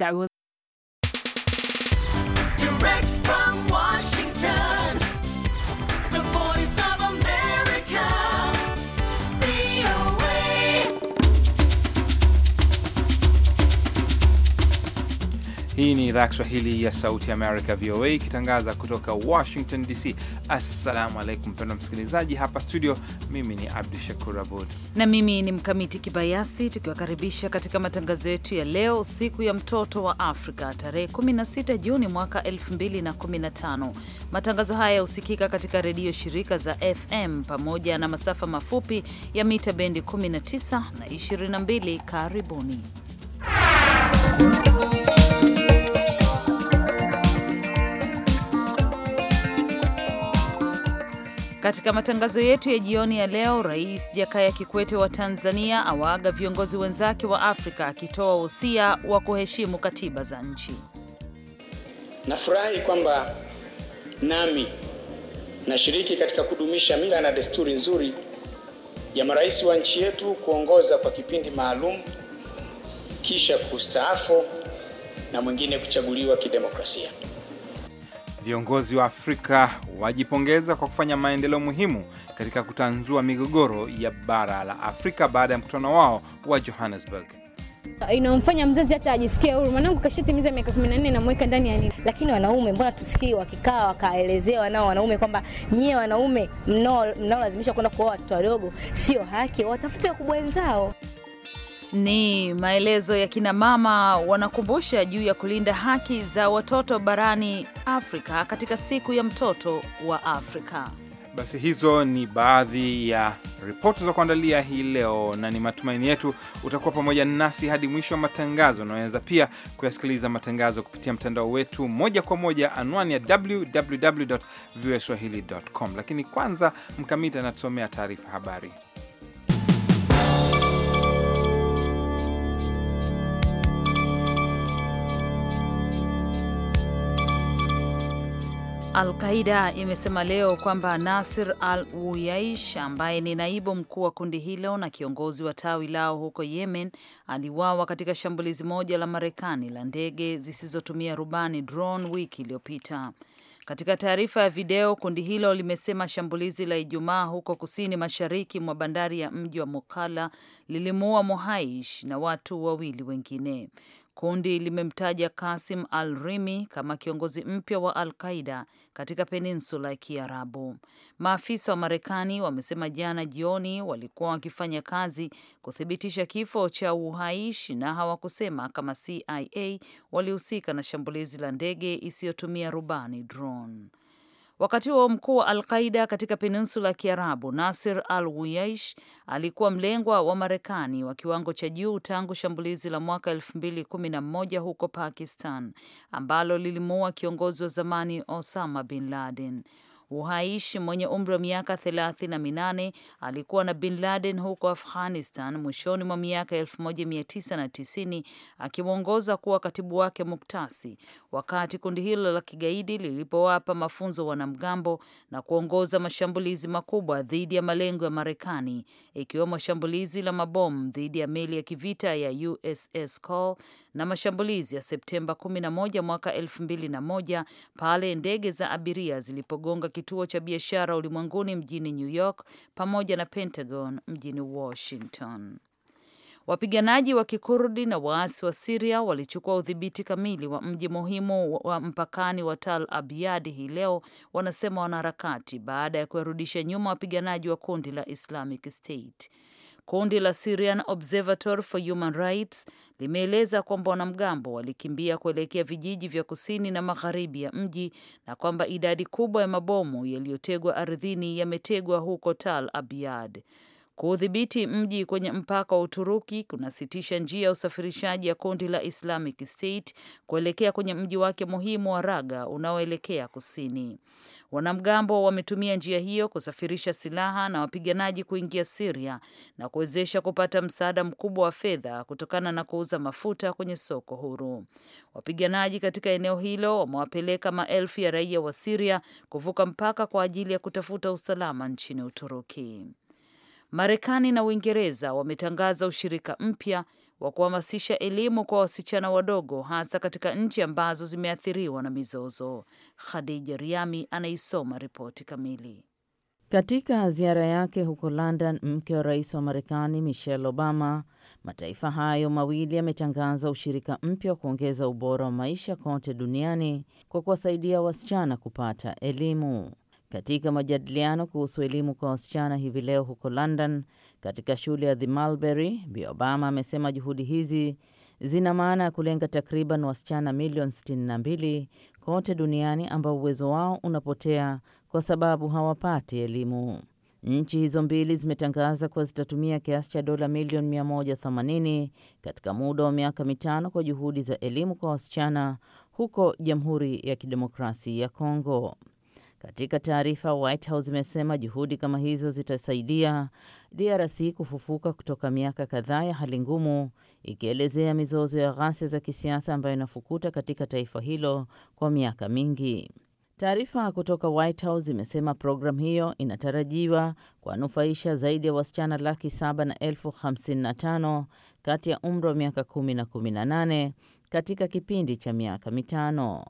That was direct from Washington. Hii ni idhaa Kiswahili ya Sauti Amerika, VOA, ikitangaza kutoka Washington DC. Assalamu alaikum, mpendwa msikilizaji. Hapa studio, mimi ni Abdu Shakur Abud na mimi ni Mkamiti Kibayasi, tukiwakaribisha katika matangazo yetu ya leo, siku ya mtoto wa Afrika, tarehe 16 Juni mwaka 2015. Matangazo haya husikika katika redio shirika za FM pamoja na masafa mafupi ya mita bendi 19 na 22. Karibuni. Katika matangazo yetu ya jioni ya leo, Rais Jakaya Kikwete wa Tanzania awaaga viongozi wenzake wa Afrika akitoa usia wa kuheshimu katiba za nchi. Nafurahi kwamba nami nashiriki katika kudumisha mila na desturi nzuri ya marais wa nchi yetu kuongoza kwa kipindi maalum kisha kustaafu na mwingine kuchaguliwa kidemokrasia. Viongozi wa Afrika wajipongeza kwa kufanya maendeleo muhimu katika kutanzua migogoro ya bara la Afrika baada ya mkutano wao wa Johannesburg. Inamfanya mzazi hata ajisikie huru, mwanangu kashatimiza miaka 14 namweka ndani ya nini. Lakini wanaume mbona tusikii wakikaa wakaelezewa nao wanaume kwamba nyie wanaume mnaolazimisha kwenda kuoa watoto wadogo sio haki, watafute wakubwa wenzao. Ni maelezo ya kina mama wanakumbusha juu ya kulinda haki za watoto barani Afrika katika siku ya mtoto wa Afrika. Basi hizo ni baadhi ya ripoti za kuandalia hii leo, na ni matumaini yetu utakuwa pamoja nasi hadi mwisho wa matangazo. Unaweza pia kuyasikiliza matangazo kupitia mtandao wetu moja kwa moja, anwani ya www Lakini kwanza Mkamiti anatusomea taarifa habari. Al-Qaida imesema leo kwamba Nasir al-Uyaish ambaye ni naibu mkuu wa kundi hilo na kiongozi wa tawi lao huko Yemen aliwawa katika shambulizi moja la Marekani la ndege zisizotumia rubani drone wiki iliyopita. Katika taarifa ya video, kundi hilo limesema shambulizi la Ijumaa huko kusini mashariki mwa bandari ya mji wa Mokala lilimuua Mohaish na watu wawili wengine. Kundi limemtaja Kasim Al Rimi kama kiongozi mpya wa Al Qaida katika peninsula ya Kiarabu. Maafisa wa Marekani wamesema jana jioni walikuwa wakifanya kazi kuthibitisha kifo cha uhaish na hawakusema kama CIA walihusika na shambulizi la ndege isiyotumia rubani drone. Wakati huo mkuu wa Alqaida katika peninsula ya Kiarabu Nasir al Wuyaish alikuwa mlengwa wa Marekani wa kiwango cha juu tangu shambulizi la mwaka elfu mbili kumi na moja huko Pakistan ambalo lilimuua kiongozi wa zamani Osama bin Laden. Uhaish mwenye umri wa miaka 38 alikuwa na Bin Laden huko Afghanistan mwishoni mwa miaka 1990 akimwongoza kuwa katibu wake Muktasi, wakati kundi hilo la kigaidi lilipowapa mafunzo wanamgambo na kuongoza mashambulizi makubwa dhidi ya malengo ya Marekani, ikiwemo shambulizi la mabomu dhidi ya meli ya kivita ya USS Cole na mashambulizi ya Septemba 11 mwaka 2001 pale ndege za abiria zilipogonga kituo cha biashara ulimwenguni mjini New York pamoja na Pentagon mjini Washington. Wapiganaji wa Kikurdi na waasi wa Siria walichukua udhibiti kamili wa mji muhimu wa mpakani wa Tal Abyad hii leo, wanasema wanaharakati, baada ya kuwarudisha nyuma wapiganaji wa kundi la Islamic State. Kundi la Syrian Observatory for Human Rights limeeleza kwamba wanamgambo walikimbia kuelekea vijiji vya kusini na magharibi ya mji na kwamba idadi kubwa ya mabomu yaliyotegwa ardhini yametegwa huko Tal Abyad. Kuudhibiti mji kwenye mpaka wa Uturuki kunasitisha njia ya usafirishaji ya kundi la Islamic State kuelekea kwenye mji wake muhimu wa Raga unaoelekea kusini. Wanamgambo wametumia njia hiyo kusafirisha silaha na wapiganaji kuingia Siria na kuwezesha kupata msaada mkubwa wa fedha kutokana na kuuza mafuta kwenye soko huru. Wapiganaji katika eneo hilo wamewapeleka maelfu ya raia wa Siria kuvuka mpaka kwa ajili ya kutafuta usalama nchini Uturuki. Marekani na Uingereza wametangaza ushirika mpya wa kuhamasisha elimu kwa wasichana wadogo hasa katika nchi ambazo zimeathiriwa na mizozo. Khadija Riami anaisoma ripoti kamili. Katika ziara yake huko London, mke wa rais wa Marekani Michelle Obama, mataifa hayo mawili yametangaza ushirika mpya wa kuongeza ubora wa maisha kote duniani kwa kuwasaidia wasichana kupata elimu katika majadiliano kuhusu elimu kwa wasichana hivi leo huko London katika shule ya The Mulberry, Bi Obama amesema juhudi hizi zina maana ya kulenga takriban wasichana milioni 62 kote duniani ambao uwezo wao unapotea kwa sababu hawapati elimu. Nchi hizo mbili zimetangaza kuwa zitatumia kiasi cha dola milioni 180 katika muda wa miaka mitano kwa juhudi za elimu kwa wasichana huko Jamhuri ya Kidemokrasia ya Kongo. Katika taarifa, White House imesema juhudi kama hizo zitasaidia DRC kufufuka kutoka miaka kadhaa ya hali ngumu, ikielezea mizozo ya ghasia za kisiasa ambayo inafukuta katika taifa hilo kwa miaka mingi. Taarifa kutoka White House imesema programu hiyo inatarajiwa kuwanufaisha zaidi ya wasichana laki saba na elfu hamsini na tano kati ya umri wa miaka kumi na 18 katika kipindi cha miaka mitano.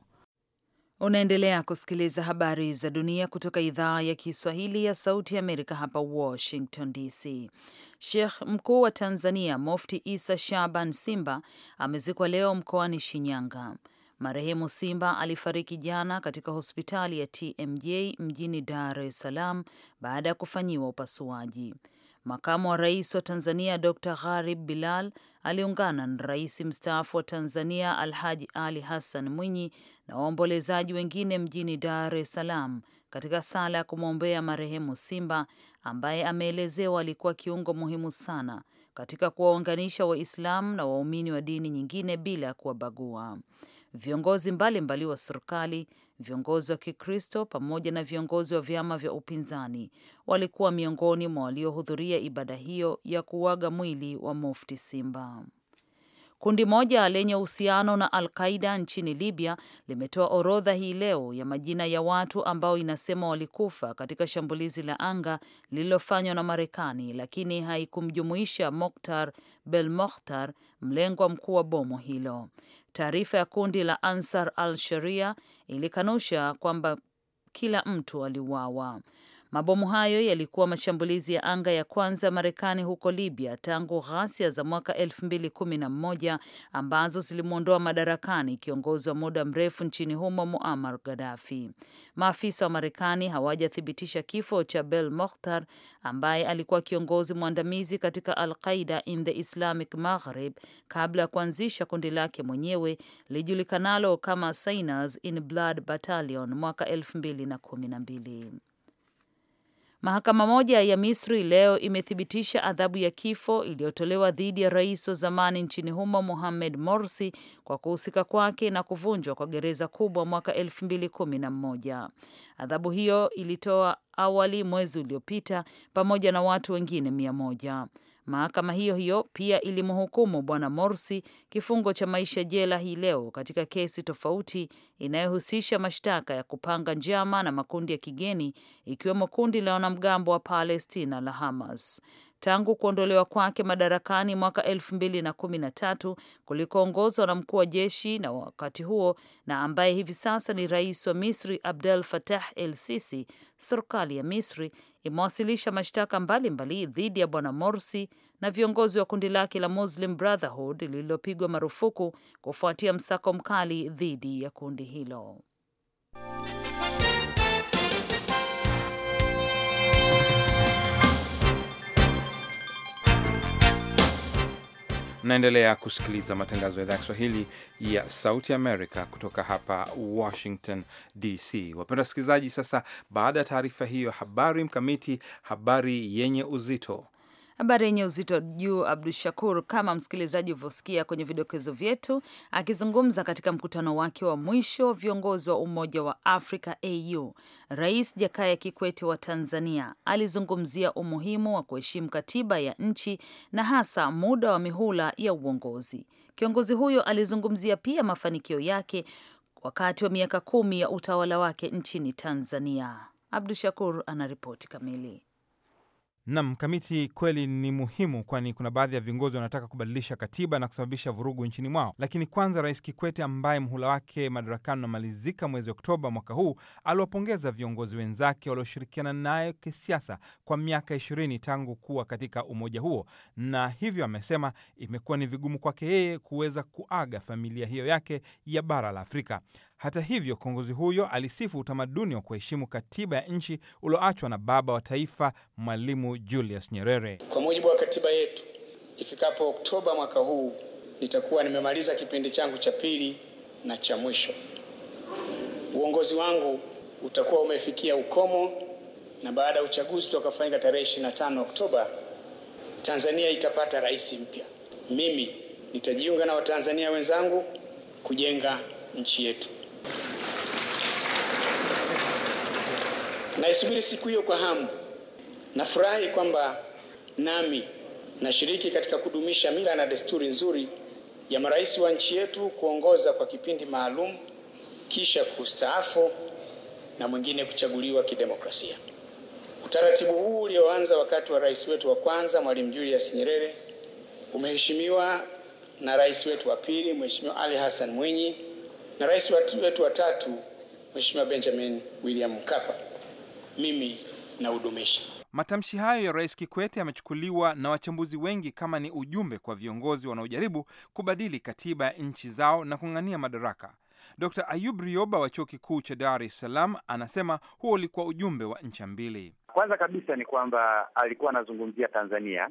Unaendelea kusikiliza habari za dunia kutoka idhaa ya Kiswahili ya Sauti ya Amerika hapa Washington DC. Sheikh mkuu wa Tanzania Mufti Isa Shaban Simba amezikwa leo mkoani Shinyanga. Marehemu Simba alifariki jana katika hospitali ya TMJ mjini Dar es Salaam baada ya kufanyiwa upasuaji. Makamu wa rais wa Tanzania Dr Gharib Bilal aliungana na rais mstaafu wa Tanzania Alhaji Ali Hassan Mwinyi na waombolezaji wengine mjini Dar es Salaam katika sala ya kumwombea marehemu Simba ambaye ameelezewa alikuwa kiungo muhimu sana katika kuwaunganisha Waislamu na waumini wa dini nyingine bila kuwabagua. Viongozi mbalimbali mbali wa serikali, viongozi wa Kikristo pamoja na viongozi wa vyama vya upinzani walikuwa miongoni mwa waliohudhuria ibada hiyo ya kuwaga mwili wa Mufti Simba. Kundi moja lenye uhusiano na Al Qaida nchini Libya limetoa orodha hii leo ya majina ya watu ambao inasema walikufa katika shambulizi la anga lililofanywa na Marekani, lakini haikumjumuisha Moktar Belmokhtar, mlengwa mkuu wa bomu hilo. Taarifa ya kundi la Ansar al Sharia ilikanusha kwamba kila mtu aliuawa. Mabomu hayo yalikuwa mashambulizi ya anga ya kwanza ya Marekani huko Libya tangu ghasia za mwaka 2011 ambazo zilimwondoa madarakani kiongozi wa muda mrefu nchini humo Muammar Gaddafi. Maafisa wa Marekani hawajathibitisha kifo cha Bel Mokhtar ambaye alikuwa kiongozi mwandamizi katika Al Qaida in the Islamic Maghreb kabla ya kuanzisha kundi lake mwenyewe lijulikanalo kama Sainas in Blood Battalion mwaka 2012. Mahakama moja ya Misri leo imethibitisha adhabu ya kifo iliyotolewa dhidi ya rais wa zamani nchini humo Mohamed Morsi kwa kuhusika kwake na kuvunjwa kwa gereza kubwa mwaka elfu mbili kumi na mmoja. Adhabu hiyo ilitoa awali mwezi uliopita pamoja na watu wengine mia moja. Mahakama hiyo hiyo pia ilimhukumu Bwana Morsi kifungo cha maisha jela hii leo katika kesi tofauti inayohusisha mashtaka ya kupanga njama na makundi ya kigeni ikiwemo kundi la wanamgambo wa Palestina la Hamas. Tangu kuondolewa kwake madarakani mwaka elfu mbili na kumi na tatu kulikoongozwa na mkuu wa jeshi na wakati huo na ambaye hivi sasa ni rais wa Misri Abdel Fattah El Sisi, serikali ya Misri imewasilisha mashtaka mbalimbali dhidi ya bwana Morsi na viongozi wa kundi lake la Muslim Brotherhood lililopigwa marufuku kufuatia msako mkali dhidi ya kundi hilo. Naendelea kusikiliza matangazo ya idhaa ya Kiswahili ya Sauti Amerika kutoka hapa Washington DC. Wapenda wasikilizaji, sasa baada ya taarifa hiyo habari mkamiti, habari yenye uzito Habari yenye uzito juu, Abdu Shakur, kama msikilizaji ulivyosikia kwenye vidokezo vyetu, akizungumza katika mkutano wake wa mwisho viongozi wa Umoja wa Afrika au Rais Jakaya Kikwete wa Tanzania alizungumzia umuhimu wa kuheshimu katiba ya nchi na hasa muda wa mihula ya uongozi. Kiongozi huyo alizungumzia pia mafanikio yake wakati wa miaka kumi ya utawala wake nchini Tanzania. Abdu Shakur anaripoti kamili. Nam mkamiti kweli ni muhimu, kwani kuna baadhi ya viongozi wanataka kubadilisha katiba na kusababisha vurugu nchini mwao. Lakini kwanza, Rais Kikwete ambaye mhula wake madarakani unamalizika mwezi Oktoba mwaka huu aliwapongeza viongozi wenzake walioshirikiana naye kisiasa kwa miaka ishirini tangu kuwa katika umoja huo, na hivyo amesema imekuwa ni vigumu kwake yeye kuweza kuaga familia hiyo yake ya bara la Afrika. Hata hivyo, kiongozi huyo alisifu utamaduni wa kuheshimu katiba ya nchi ulioachwa na baba wa taifa Mwalimu Julius Nyerere. Kwa mujibu wa katiba yetu, ifikapo Oktoba mwaka huu nitakuwa nimemaliza kipindi changu cha pili na cha mwisho. Uongozi wangu utakuwa umefikia ukomo, na baada ya uchaguzi utakaofanyika tarehe 25 Oktoba, Tanzania itapata rais mpya. Mimi nitajiunga na Watanzania wenzangu kujenga nchi yetu. Naisubiri siku hiyo kwa hamu. Nafurahi kwamba nami nashiriki katika kudumisha mila na desturi nzuri ya marais wa nchi yetu kuongoza kwa kipindi maalum kisha kustaafu na mwingine kuchaguliwa kidemokrasia. Utaratibu huu ulioanza wakati wa rais wetu wa kwanza Mwalimu Julius Nyerere umeheshimiwa na rais wetu wa pili Mheshimiwa Ali Hassan Mwinyi na rais wetu wa tatu Mheshimiwa Benjamin William Mkapa mimi naudumisha. Matamshi hayo ya Rais Kikwete yamechukuliwa na wachambuzi wengi kama ni ujumbe kwa viongozi wanaojaribu kubadili katiba ya nchi zao na kung'ania madaraka. Dr Ayub Rioba wa chuo kikuu cha Dar es Salaam anasema huo ulikuwa ujumbe wa ncha mbili. Kwanza kabisa ni kwamba alikuwa anazungumzia Tanzania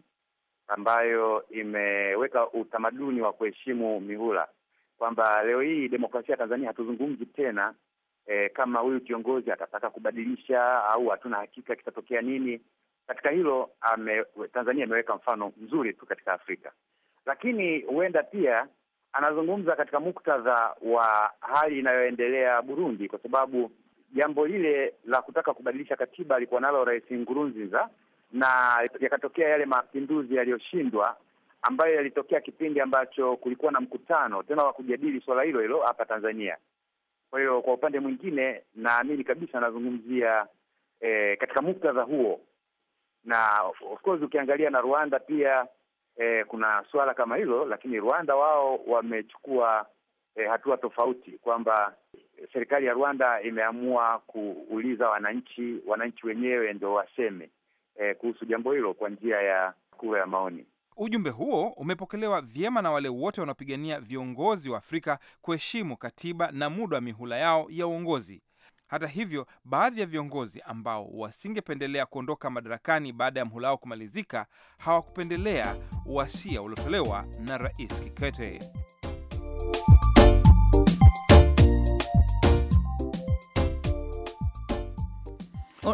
ambayo imeweka utamaduni wa kuheshimu mihula, kwamba leo hii demokrasia ya Tanzania hatuzungumzi tena e, kama huyu kiongozi atataka kubadilisha au hatuna hakika kitatokea nini. Katika hilo ame, Tanzania imeweka mfano mzuri tu katika Afrika, lakini huenda pia anazungumza katika muktadha wa hali inayoendelea Burundi, kwa sababu jambo lile la kutaka kubadilisha katiba alikuwa nalo Rais Nkurunziza na yakatokea yale mapinduzi yaliyoshindwa ambayo yalitokea kipindi ambacho kulikuwa na mkutano tena wa kujadili swala hilo hilo hapa Tanzania. Kwa hiyo kwa upande mwingine, naamini kabisa anazungumzia e, eh, katika muktadha huo, na of course ukiangalia na Rwanda pia e, kuna suala kama hilo, lakini Rwanda wao wamechukua e, hatua tofauti kwamba serikali ya Rwanda imeamua kuuliza wananchi, wananchi wenyewe ndio waseme e, kuhusu jambo hilo kwa njia ya kura ya maoni. Ujumbe huo umepokelewa vyema na wale wote wanaopigania viongozi wa Afrika kuheshimu katiba na muda wa mihula yao ya uongozi. Hata hivyo, baadhi ya viongozi ambao wasingependelea kuondoka madarakani baada ya mhula wao kumalizika hawakupendelea uasia uliotolewa na Rais Kikwete.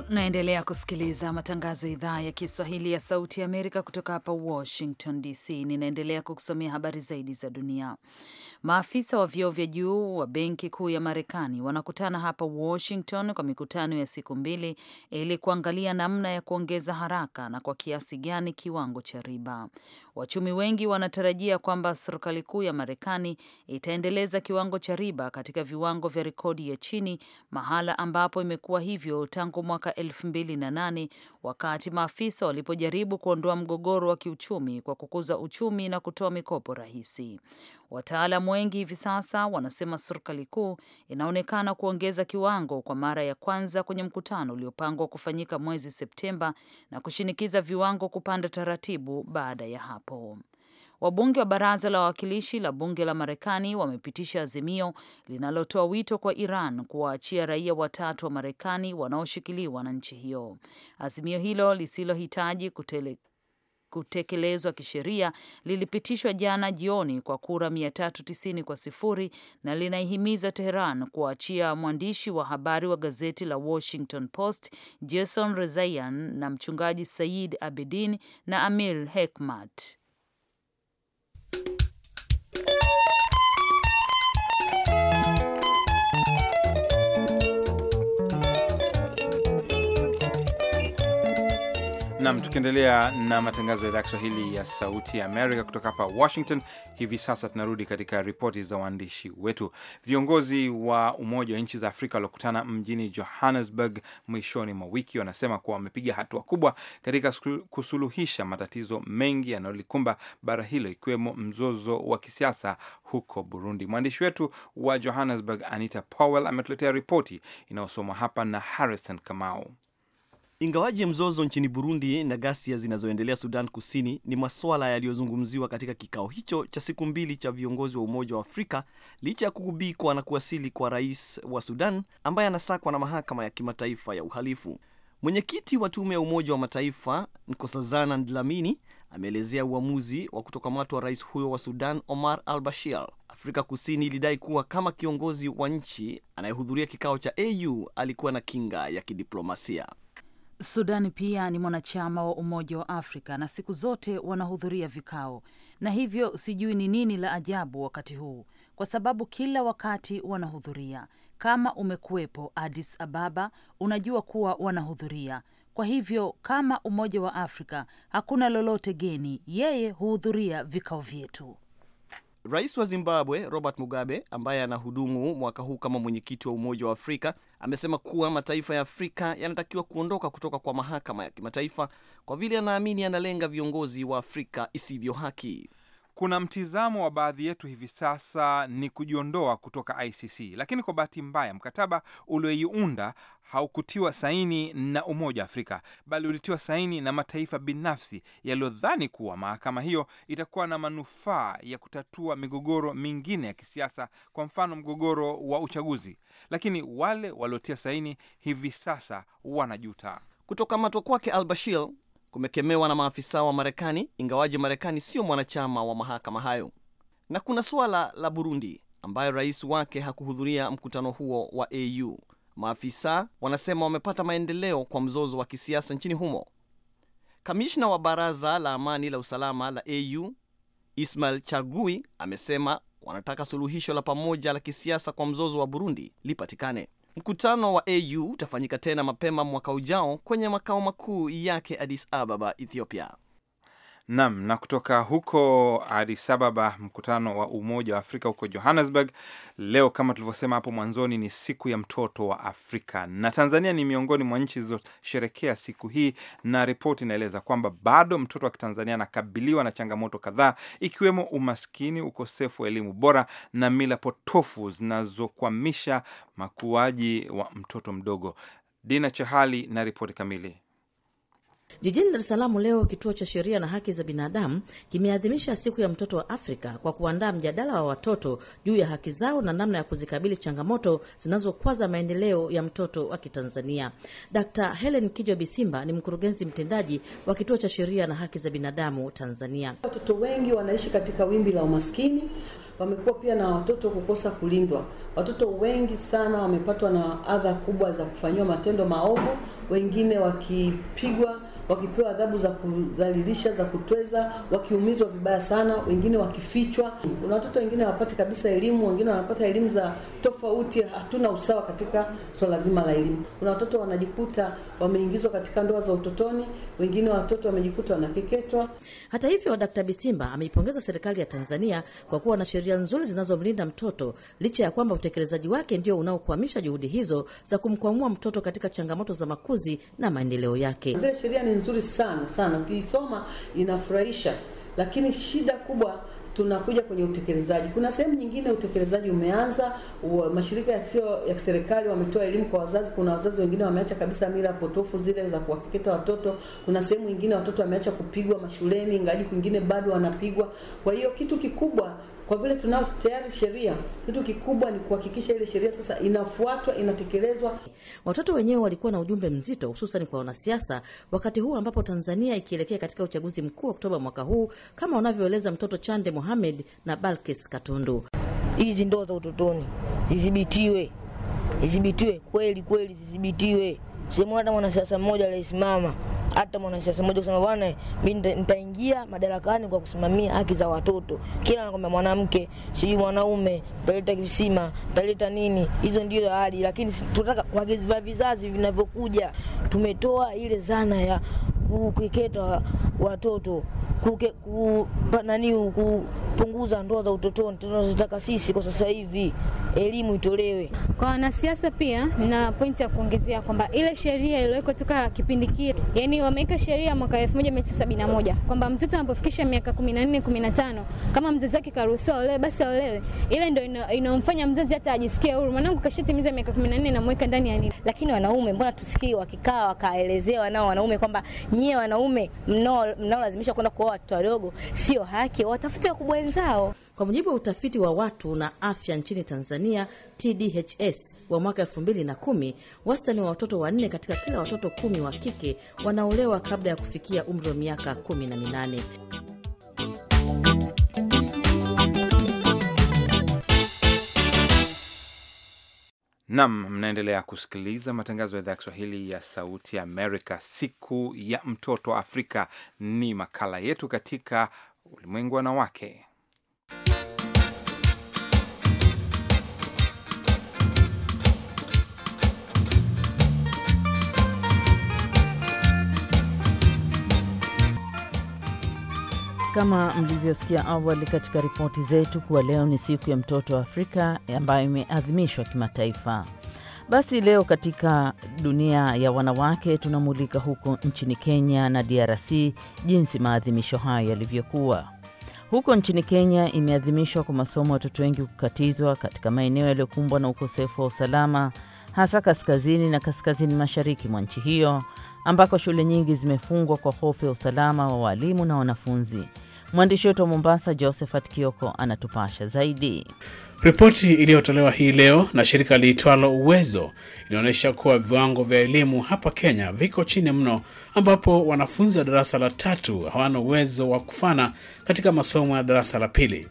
Unaendelea kusikiliza matangazo ya idhaa ya Kiswahili ya Sauti ya Amerika kutoka hapa Washington DC. Ninaendelea kukusomea habari zaidi za dunia. Maafisa wa vyeo vya juu wa benki kuu ya Marekani wanakutana hapa Washington kwa mikutano ya siku mbili ili kuangalia namna ya kuongeza haraka na kwa kiasi gani kiwango cha riba. Wachumi wengi wanatarajia kwamba serikali kuu ya Marekani itaendeleza kiwango cha riba katika viwango vya rekodi ya chini, mahala ambapo imekuwa hivyo tangu mwaka mwaka 2008 wakati maafisa walipojaribu kuondoa mgogoro wa kiuchumi kwa kukuza uchumi na kutoa mikopo rahisi. Wataalamu wengi hivi sasa wanasema serikali kuu inaonekana kuongeza kiwango kwa mara ya kwanza kwenye mkutano uliopangwa kufanyika mwezi Septemba na kushinikiza viwango kupanda taratibu baada ya hapo. Wabunge wa baraza la wawakilishi la bunge la Marekani wamepitisha azimio linalotoa wito kwa Iran kuwaachia raia watatu wa Marekani wanaoshikiliwa na nchi hiyo. Azimio hilo lisilohitaji kutele kutekelezwa kisheria lilipitishwa jana jioni kwa kura 390 kwa sifuri na linaihimiza Teheran kuachia mwandishi wa habari wa gazeti la Washington Post Jason Rezaian na mchungaji Said Abedin na Amir Hekmat. Nam, tukiendelea na matangazo ya idhaa Kiswahili ya Sauti ya Amerika kutoka hapa Washington. Hivi sasa tunarudi katika ripoti za waandishi wetu. Viongozi wa Umoja wa Nchi za Afrika waliokutana mjini Johannesburg mwishoni mwa wiki wanasema kuwa wamepiga hatua kubwa katika kusuluhisha matatizo mengi yanayolikumba bara hilo, ikiwemo mzozo wa kisiasa huko Burundi. Mwandishi wetu wa Johannesburg, Anita Powell, ametuletea ripoti inayosomwa hapa na Harrison Kamau. Ingawaje mzozo nchini Burundi na ghasia zinazoendelea Sudan Kusini ni maswala yaliyozungumziwa katika kikao hicho cha siku mbili cha viongozi wa Umoja wa Afrika, licha ya kugubikwa na kuwasili kwa rais wa Sudan ambaye anasakwa na Mahakama ya Kimataifa ya Uhalifu. Mwenyekiti wa Tume ya Umoja wa Mataifa Nkosazana Dlamini ameelezea uamuzi wa kutokamatwa rais huyo wa Sudan Omar al Bashir. Afrika Kusini ilidai kuwa kama kiongozi wa nchi anayehudhuria kikao cha AU alikuwa na kinga ya kidiplomasia. Sudani pia ni mwanachama wa Umoja wa Afrika na siku zote wanahudhuria vikao, na hivyo sijui ni nini la ajabu wakati huu, kwa sababu kila wakati wanahudhuria. Kama umekuwepo Addis Ababa, unajua kuwa wanahudhuria. Kwa hivyo kama Umoja wa Afrika hakuna lolote geni, yeye huhudhuria vikao vyetu. Rais wa Zimbabwe Robert Mugabe ambaye anahudumu mwaka huu kama mwenyekiti wa Umoja wa Afrika amesema kuwa mataifa ya Afrika yanatakiwa kuondoka kutoka kwa mahakama ya kimataifa kwa vile anaamini analenga viongozi wa Afrika isivyo haki. Kuna mtizamo wa baadhi yetu hivi sasa ni kujiondoa kutoka ICC, lakini kwa bahati mbaya mkataba ulioiunda haukutiwa saini na Umoja wa Afrika bali ulitiwa saini na mataifa binafsi yaliyodhani kuwa mahakama hiyo itakuwa na manufaa ya kutatua migogoro mingine ya kisiasa, kwa mfano mgogoro wa uchaguzi. Lakini wale waliotia saini hivi sasa wanajuta. Kutokamatwa kwake Al Bashir kumekemewa na maafisa wa Marekani, ingawaje Marekani sio mwanachama wa mahakama hayo. Na kuna suala la Burundi ambayo rais wake hakuhudhuria mkutano huo wa AU. Maafisa wanasema wamepata maendeleo kwa mzozo wa kisiasa nchini humo. Kamishna wa baraza la amani la usalama la AU Ismail chagui amesema wanataka suluhisho la pamoja la kisiasa kwa mzozo wa Burundi lipatikane. Mkutano wa AU utafanyika tena mapema mwaka ujao kwenye makao makuu yake Addis Ababa, Ethiopia. Nam na kutoka huko Addis Ababa, mkutano wa Umoja wa Afrika huko Johannesburg leo, kama tulivyosema hapo mwanzoni, ni siku ya mtoto wa Afrika na Tanzania ni miongoni mwa nchi zilizosherekea siku hii, na ripoti inaeleza kwamba bado mtoto wa Kitanzania anakabiliwa na changamoto kadhaa, ikiwemo umaskini, ukosefu wa elimu bora na mila potofu zinazokwamisha makuaji wa mtoto mdogo. Dina Chahali na ripoti kamili. Jijini Dar es Salaam leo, kituo cha sheria na haki za binadamu kimeadhimisha siku ya mtoto wa Afrika kwa kuandaa mjadala wa watoto juu ya haki zao na namna ya kuzikabili changamoto zinazokwaza maendeleo ya mtoto wa Kitanzania. Dkt Helen Kijo Bisimba ni mkurugenzi mtendaji wa kituo cha sheria na haki za binadamu Tanzania. Watoto wengi wanaishi katika wimbi la umaskini, wamekuwa pia na watoto kukosa kulindwa. Watoto wengi sana wamepatwa na adha kubwa za kufanyiwa matendo maovu, wengine wakipigwa wakipewa adhabu za kudhalilisha, za kutweza, wakiumizwa vibaya sana, wengine wakifichwa. Kuna watoto wengine hawapati kabisa elimu, wengine wanapata elimu za tofauti. Hatuna usawa katika swala so zima la elimu. Kuna watoto wanajikuta wameingizwa katika ndoa za utotoni, wengine watoto wamejikuta wanakeketwa. Hata hivyo, Dkt. Bisimba ameipongeza serikali ya Tanzania kwa kuwa na sheria nzuri zinazomlinda mtoto licha ya kwamba utekelezaji wake ndio unaokwamisha juhudi hizo za kumkwamua mtoto katika changamoto za makuzi na maendeleo yake. Zile sheria ni nzuri sana sana, ukiisoma inafurahisha, lakini shida kubwa tunakuja kwenye utekelezaji. Kuna sehemu nyingine utekelezaji umeanza, mashirika yasiyo ya kiserikali wametoa elimu kwa wazazi. Kuna wazazi wengine wameacha kabisa mila potofu zile za kuwakeketa watoto. Kuna sehemu nyingine watoto wameacha kupigwa mashuleni, ngaji kwingine bado wanapigwa. Kwa hiyo kitu kikubwa kwa vile tunao tayari sheria, kitu kikubwa ni kuhakikisha ile sheria sasa inafuatwa, inatekelezwa. Watoto wenyewe walikuwa na ujumbe mzito, hususan kwa wanasiasa, wakati huu ambapo Tanzania ikielekea katika uchaguzi mkuu Oktoba mwaka huu, kama wanavyoeleza mtoto Chande Mohamed na Balkis Katundu. Hizi ndoa za utotoni izibitiwe, izibitiwe kweli kweli, zidhibitiwe. Simu hata mwanasiasa mmoja aliyesimama hata mwanasiasa mmoja kusema bwana, mimi nitaingia madarakani kwa kusimamia haki za watoto. Kila anakwambia mwanamke, sijui mwanaume, nitaleta kisima, nitaleta nini. Hizo ndio ahadi, lakini tunataka kwa vizazi vinavyokuja, tumetoa ile zana ya kukeketa watoto kuke, ku, kupunguza ndoa za utotoni tunazotaka sisi kwa sasa hivi, elimu itolewe kwa wanasiasa. Pia nina pointi ya kuongezea kwamba ile hiyo sheria iliwekwa toka kipindi kile, yani wameweka sheria mwaka 1971 kwamba mtoto anapofikisha miaka 14 15, kama mzazi wake karuhusiwa olewe, basi olewe. Ile ndio inamfanya ina mzazi hata ajisikie huru, mwanangu kashatimiza miaka 14 na mweka ndani ya nini. Lakini wanaume mbona tusikii wakikaa wakaelezewa nao wanaume kwamba nyie wanaume mnao mnaolazimishwa kwenda kuoa watoto wadogo sio haki, watafute wakubwa wenzao. Kwa mujibu wa utafiti wa watu na afya nchini Tanzania, TDHS, wa mwaka 2010, wastani wa watoto wanne katika kila watoto kumi wa kike wanaolewa kabla ya kufikia umri wa miaka kumi na minane. Nam, mnaendelea kusikiliza matangazo ya idhaa ya Kiswahili ya Sauti Amerika. Siku ya mtoto Afrika ni makala yetu katika ulimwengu wanawake Kama mlivyosikia awali katika ripoti zetu kuwa leo ni siku ya mtoto wa Afrika ambayo imeadhimishwa kimataifa, basi leo katika dunia ya wanawake tunamulika huko nchini Kenya na DRC jinsi maadhimisho hayo yalivyokuwa. Huko nchini Kenya imeadhimishwa kwa masomo watoto wengi kukatizwa katika maeneo yaliyokumbwa na ukosefu wa usalama, hasa kaskazini na kaskazini mashariki mwa nchi hiyo ambako shule nyingi zimefungwa kwa hofu ya usalama wa walimu na wanafunzi. Mwandishi wetu wa Mombasa, Josephat Kioko, anatupasha zaidi. Ripoti iliyotolewa hii leo na shirika liitwalo Uwezo inaonyesha kuwa viwango vya elimu hapa Kenya viko chini mno, ambapo wanafunzi wa darasa la tatu hawana uwezo wa kufana katika masomo ya darasa la pili.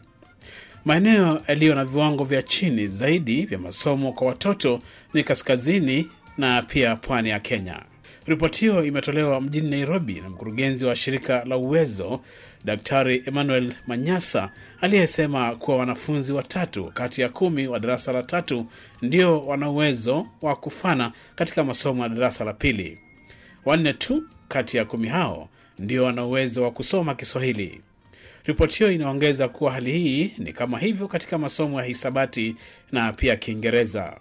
Maeneo yaliyo na viwango vya chini zaidi vya masomo kwa watoto ni kaskazini na pia pwani ya Kenya. Ripoti hiyo imetolewa mjini Nairobi na mkurugenzi wa shirika la Uwezo, Daktari Emmanuel Manyasa, aliyesema kuwa wanafunzi watatu kati ya kumi wa darasa la tatu ndio wana uwezo wa kufana katika masomo ya darasa la pili. Wanne tu kati ya kumi hao ndio wana uwezo wa kusoma Kiswahili. Ripoti hiyo inaongeza kuwa hali hii ni kama hivyo katika masomo ya hisabati na pia Kiingereza.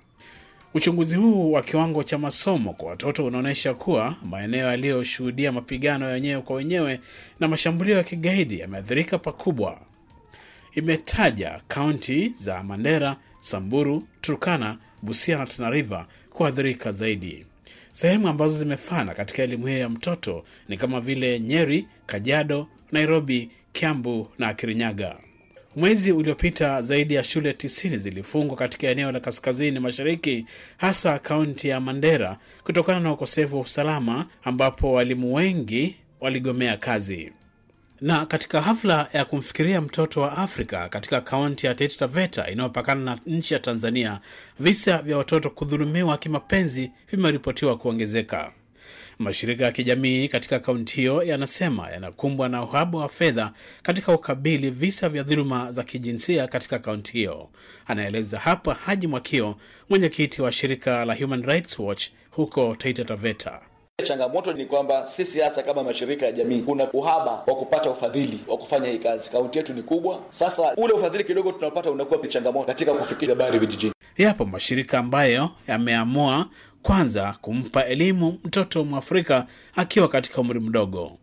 Uchunguzi huu wa kiwango cha masomo kwa watoto unaonyesha kuwa maeneo yaliyoshuhudia mapigano ya wenyewe kwa wenyewe na mashambulio ya kigaidi yameathirika pakubwa. Imetaja kaunti za Mandera, Samburu, Turkana, Busia na Tana River kuathirika zaidi. Sehemu ambazo zimefana katika elimu hiyo ya mtoto ni kama vile Nyeri, kajado Nairobi, Kiambu na Kirinyaga. Mwezi uliopita zaidi ya shule tisini zilifungwa katika eneo la kaskazini mashariki, hasa kaunti ya Mandera kutokana na ukosefu wa usalama, ambapo walimu wengi waligomea kazi. Na katika hafla ya kumfikiria mtoto wa Afrika katika kaunti ya Taita Taveta inayopakana na nchi ya Tanzania, visa vya watoto kudhulumiwa kimapenzi vimeripotiwa kuongezeka. Mashirika ya kijamii katika kaunti hiyo yanasema yanakumbwa na uhaba wa fedha katika ukabili visa vya dhuluma za kijinsia katika kaunti hiyo. Anaeleza hapa Haji Mwakio, mwenyekiti wa shirika la Human Rights Watch huko Taita Taveta. Changamoto ni kwamba sisi hasa kama mashirika ya jamii kuna uhaba wa kupata ufadhili wa kufanya hii kazi. Kaunti yetu ni kubwa, sasa ule ufadhili kidogo tunaopata unakuwa ni changamoto katika kufikia habari vijijini. Yapo mashirika ambayo yameamua kwanza kumpa elimu mtoto mwafrika akiwa katika umri mdogo.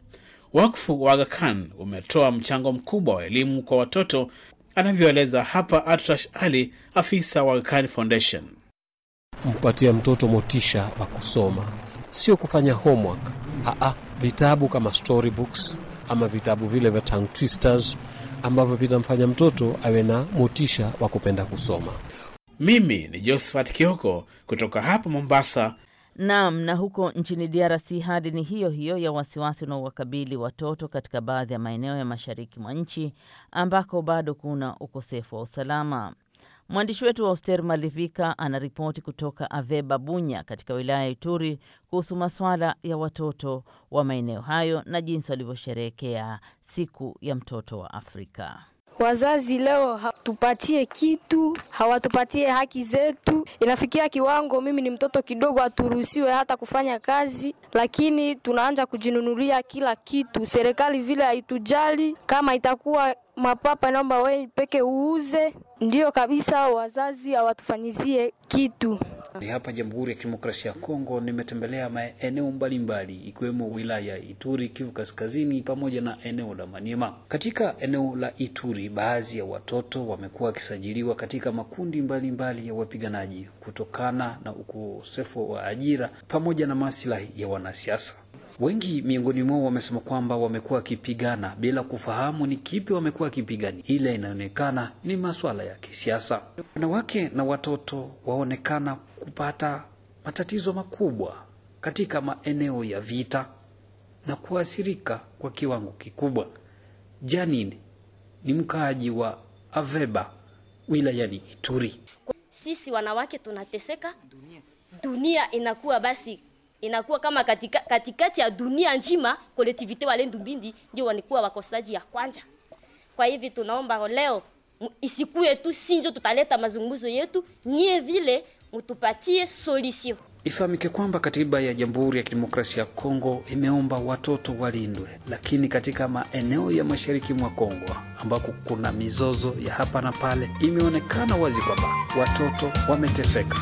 Wakfu wa Aga umetoa mchango mkubwa wa elimu kwa watoto, anavyoeleza hapa Atrash Ali, afisa wa Aga Foundation. Mpatia mtoto motisha wa kusoma, sio kufanya homework. Aa, vitabu kama storybooks ama vitabu vile vya tongue twisters ambavyo vitamfanya mtoto awe na motisha wa kupenda kusoma. Mimi ni Josephat Kioko kutoka hapa Mombasa. nam na huko nchini DRC hadi ni hiyo hiyo ya wasiwasi unaowakabili watoto katika baadhi ya maeneo ya mashariki mwa nchi ambako bado kuna ukosefu wa usalama. Mwandishi wetu wa Oster Malivika anaripoti kutoka Aveba Bunya katika wilaya ya Ituri kuhusu masuala ya watoto wa maeneo hayo na jinsi walivyosherehekea siku ya mtoto wa Afrika. Wazazi leo watupatie kitu, hawatupatie haki zetu. Inafikia kiwango, mimi ni mtoto kidogo, haturuhusiwe hata kufanya kazi, lakini tunaanja kujinunulia kila kitu. Serikali vile haitujali, kama itakuwa mapapa, naomba wewe peke uuze. Ndiyo kabisa, wazazi hawatufanyizie kitu. Hapa Jamhuri ya Kidemokrasia ya Kongo nimetembelea maeneo mbalimbali ikiwemo wilaya Ituri, Kivu Kaskazini pamoja na eneo la Maniema. Katika eneo la Ituri, baadhi ya watoto wamekuwa wakisajiliwa katika makundi mbalimbali mbali ya wapiganaji kutokana na ukosefu wa ajira pamoja na maslahi ya wanasiasa. Wengi miongoni mwao wamesema kwamba wamekuwa wakipigana bila kufahamu ni kipi wamekuwa wakipigania, ila inaonekana ni masuala ya kisiasa. Wanawake na watoto waonekana kupata matatizo makubwa katika maeneo ya vita na kuathirika kwa kiwango kikubwa. Janine ni mkaaji wa Aveba wilayani Ituri. Sisi wanawake tunateseka, dunia inakuwa basi inakuwa kama katika, katikati ya dunia nzima kolektivite wa Lendu ndio wanikuwa wakosaji ya kwanja. Kwa hivi tunaomba leo isikuwe tu sinjo, tutaleta mazungumzo yetu nyie vile mtupatie solution. Ifahamike kwamba katiba ya Jamhuri ya Kidemokrasia ya Kongo imeomba watoto walindwe, lakini katika maeneo ya mashariki mwa Kongo ambako kuna mizozo ya hapa na pale, imeonekana wazi kwamba watoto wameteseka.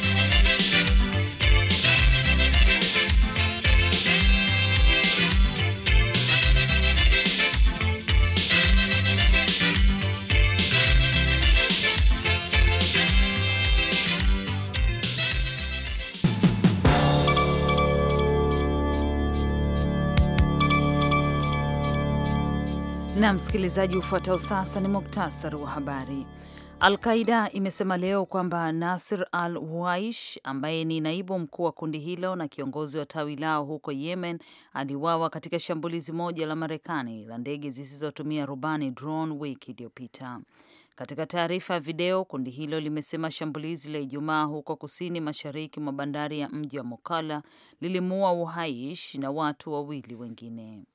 Na msikilizaji, ufuatao sasa ni muktasari wa habari. Alqaida imesema leo kwamba Nasir al Waish, ambaye ni naibu mkuu wa kundi hilo na kiongozi wa tawi lao huko Yemen aliwawa katika shambulizi moja la Marekani la ndege zisizotumia rubani drone wiki iliyopita. Katika taarifa ya video, kundi hilo limesema shambulizi la Ijumaa huko kusini mashariki mwa bandari ya mji wa Mokala lilimuua Uhaish na watu wawili wengine.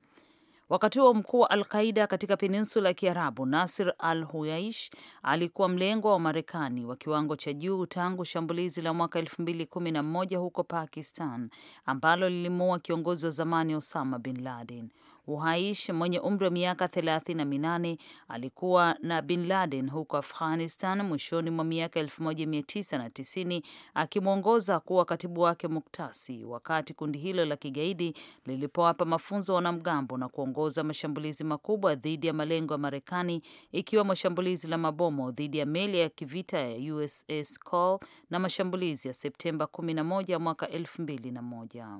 Wakati huo mkuu wa Alqaida katika peninsula ya Kiarabu, Nasir al Huyaish, alikuwa mlengwa wa Marekani wa kiwango cha juu tangu shambulizi la mwaka elfu mbili kumi na moja huko Pakistan ambalo lilimuua kiongozi wa zamani Osama bin Laden. Uhaish mwenye umri wa miaka 38 alikuwa na Bin Laden huko Afghanistan mwishoni mwa miaka 1990 akimwongoza kuwa katibu wake muktasi, wakati kundi hilo la kigaidi lilipowapa mafunzo wanamgambo na kuongoza mashambulizi makubwa dhidi ya malengo ya Marekani, ikiwemo shambulizi la mabomo dhidi ya meli ya kivita ya USS Cole na mashambulizi ya Septemba 11 mwaka 2001.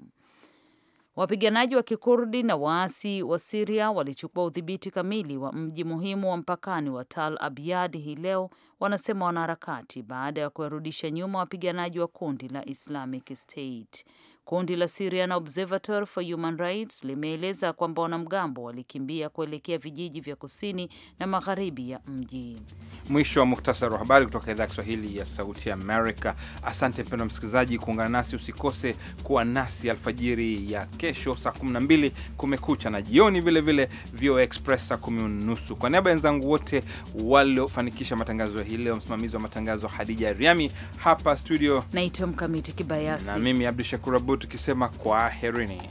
Wapiganaji wa Kikurdi na waasi wa Siria walichukua udhibiti kamili wa mji muhimu wa mpakani wa Tal Abyad hii leo, wanasema wanaharakati, baada ya kuwarudisha nyuma wapiganaji wa kundi la Islamic State. Kundi la Syrian Observatory for Human Rights limeeleza kwamba wanamgambo walikimbia kuelekea vijiji vya kusini na magharibi ya mji. Mwisho wa muktasari wa habari kutoka idhaa ya Kiswahili ya Sauti Amerika. Asante mpendwa msikilizaji kuungana nasi, usikose kuwa nasi alfajiri ya kesho saa 12 Kumekucha na jioni vilevile VOA Express saa kumi unusu. Kwa niaba ya wenzangu wote waliofanikisha matangazo hii leo, msimamizi wa matangazo Hadija Riami hapa studio, naitwa Mkamiti Kibayasi na mimi Abdu Shakur Abud tukisema herini.